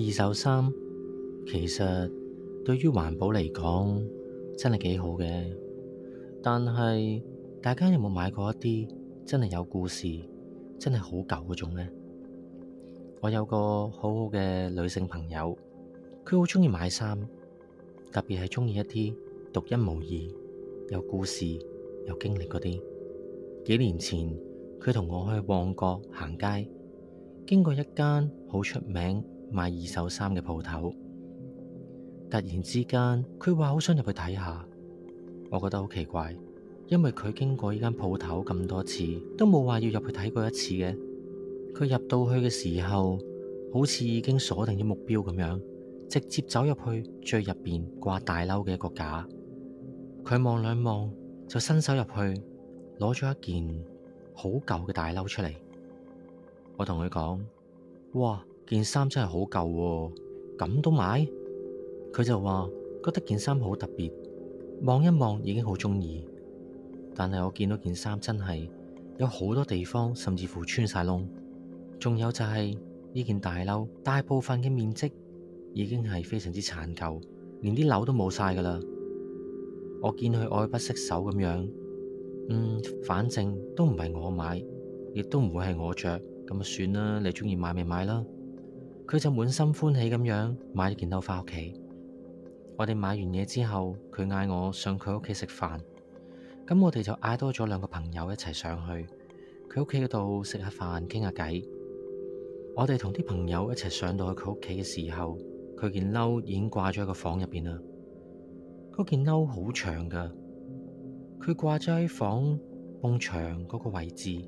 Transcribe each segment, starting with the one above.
二手衫其實對於環保嚟講真係幾好嘅，但係大家有冇買過一啲真係有故事、真係好舊嗰種呢？我有個好好嘅女性朋友，佢好中意買衫，特別係中意一啲獨一無二、有故事、有經歷嗰啲。幾年前佢同我去旺角行街，經過一間好出名買二手衫嘅鋪頭，突然之間佢話好想入去睇下，我覺得好奇怪，因為佢經過呢間鋪頭咁多次，都冇話要入去睇過一次嘅。佢入到去嘅時候，好似已經鎖定咗目標咁樣，直接走入去最入邊掛大褸嘅一個架。佢望兩望，就伸手入去攞咗一件好舊嘅大褸出嚟。我同佢講：「哇！件衫真係好舊，咁都買？佢就話覺得件衫好特別，望一望已經好中意。但係我見到件衫真係有好多地方，甚至乎穿晒窿。仲有就係、是、呢件大褸，大部分嘅面積已經係非常之殘舊，連啲鈕都冇晒噶啦。我見佢愛不釋手咁樣，嗯，反正都唔係我買，亦都唔會係我着，咁啊算啦，你中意買咪買啦。佢就滿心歡喜咁樣買咗件褸返屋企。我哋買完嘢之後，佢嗌我上佢屋企食飯。咁我哋就嗌多咗兩個朋友一齊上去佢屋企嗰度食下飯傾下偈。我哋同啲朋友一齊上到去佢屋企嘅時候，佢件褸已經掛咗喺個房入邊啦。嗰件褸好長㗎，佢掛咗喺房埲牆嗰個位置，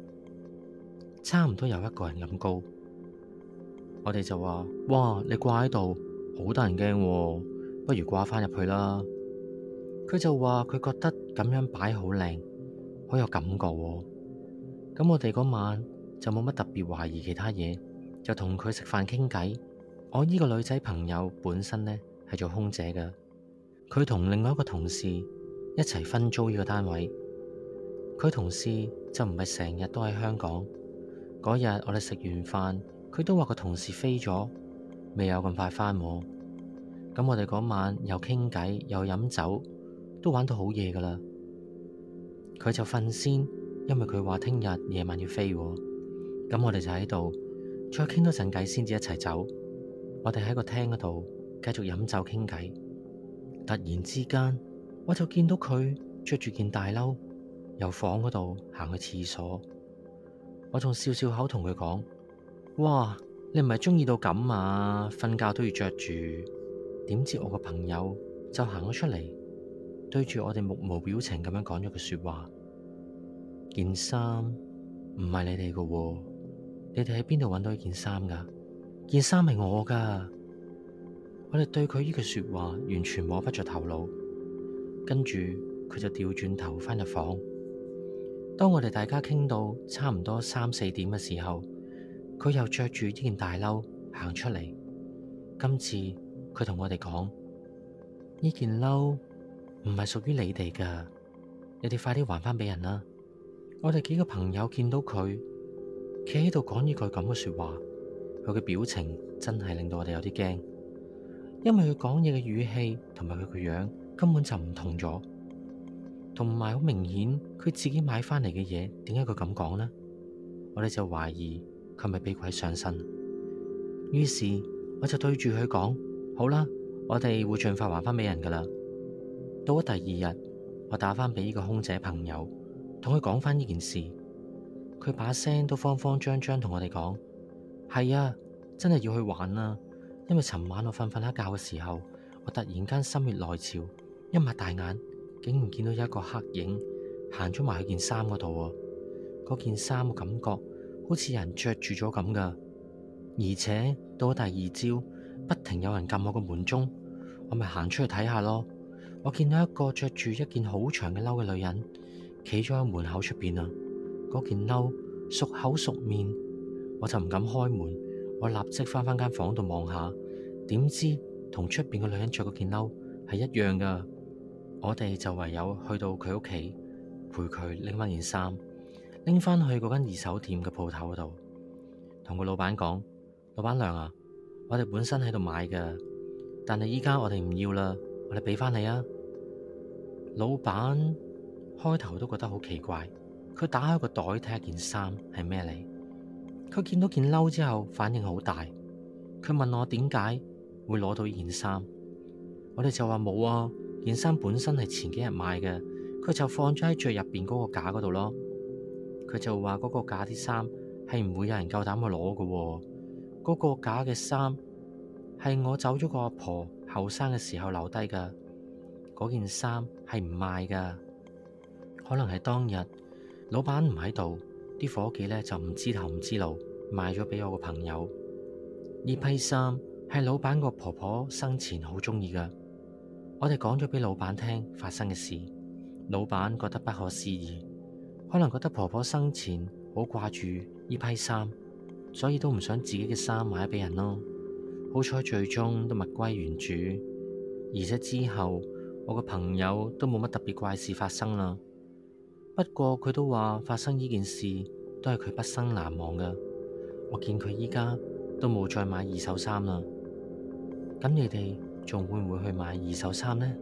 差唔多有一個人咁高。我哋就話：哇，你掛喺度好得人驚，不如掛翻入去啦。佢就話佢覺得咁樣擺好靚，好有感覺，哦。咁我哋嗰晚就冇乜特別懷疑其他嘢，就同佢食飯傾偈。我呢個女仔朋友本身呢，係做空姐嘅，佢同另外一個同事一齊分租呢個單位。佢同事就唔係成日都喺香港。嗰日我哋食完飯。佢都話個同事飛咗，未有咁快翻喎。咁我哋嗰晚又傾偈又飲酒，都玩到好夜噶啦。佢就瞓先，因為佢話聽日夜晚要飛。咁我哋就喺度再傾多陣偈，先至一齊走。我哋喺個廳嗰度繼續飲酒傾偈。突然之間，我就見到佢着住件大褸，由房嗰度行去廁所。我仲笑笑口同佢講。哇！你唔係中意到咁啊？瞓覺都要着住。點知我個朋友就行咗出嚟，對住我哋目無表情咁樣講咗句說話：件衫唔係你哋噶喎，你哋喺邊度搵到一件衫噶？件衫係我噶。我哋對佢呢句說話完全摸不着頭腦。跟住佢就調轉頭返入房。當我哋大家傾到差唔多三四點嘅時候。佢又着住呢件大褸行出嚟。今次佢同我哋講，呢件褸唔係屬於你哋㗎，你哋快啲還翻俾人啦。我哋幾個朋友見到佢企喺度講呢句咁嘅說話，佢嘅表情真係令到我哋有啲驚，因為佢講嘢嘅語氣同埋佢嘅樣根本就唔同咗。同埋好明顯，佢自己買翻嚟嘅嘢，點解佢咁講呢？我哋就懷疑。佢咪俾鬼上身，於是我就對住佢講：好啦，我哋會盡快還翻俾人噶啦。到咗第二日，我打翻俾呢個空姐朋友，同佢講翻呢件事，佢把聲都慌慌張張同我哋講：係啊，真係要去玩啊。因為尋晚我瞓瞓下覺嘅時候，我突然間心血來潮，一擘大眼，竟然見到一個黑影行咗埋去件衫嗰度，嗰件衫嘅感覺。好似人着住咗咁噶，而且到第二朝，不停有人撳我個門鐘，我咪行出去睇下咯。我見到一個着住一件好長嘅褸嘅女人，企咗喺門口出邊啊。嗰件褸熟口熟面，我就唔敢開門，我立即翻返間房度望下，點知同出邊嘅女人着嗰件褸係一樣噶。我哋就唯有去到佢屋企陪佢拎翻件衫。拎翻去嗰間二手店嘅鋪頭嗰度，同個老闆講：老闆娘啊，我哋本身喺度買嘅，但係依家我哋唔要啦，我哋俾翻你啊。老闆開頭都覺得好奇怪，佢打開個袋睇下件衫係咩嚟。佢見到件褸之後反應好大，佢問我點解會攞到呢件衫。我哋就話冇啊，件衫本身係前幾日買嘅，佢就放咗喺最入邊嗰個架嗰度咯。佢就話：嗰個假啲衫係唔會有人夠膽去攞噶。喎，嗰個假嘅衫係我走咗個阿婆後生嘅時候留低噶。嗰件衫係唔賣噶，可能係當日老闆唔喺度，啲伙計呢就唔知頭唔知路賣咗俾我個朋友。呢批衫係老闆個婆婆生前好中意噶。我哋講咗俾老闆聽發生嘅事，老闆覺得不可思議。可能覺得婆婆生前好掛住呢批衫，所以都唔想自己嘅衫買俾人咯。好彩最終都物歸原主，而且之後我個朋友都冇乜特別怪事發生啦。不過佢都話發生呢件事都係佢畢生難忘㗎。我見佢依家都冇再買二手衫啦。咁你哋仲會唔會去買二手衫呢？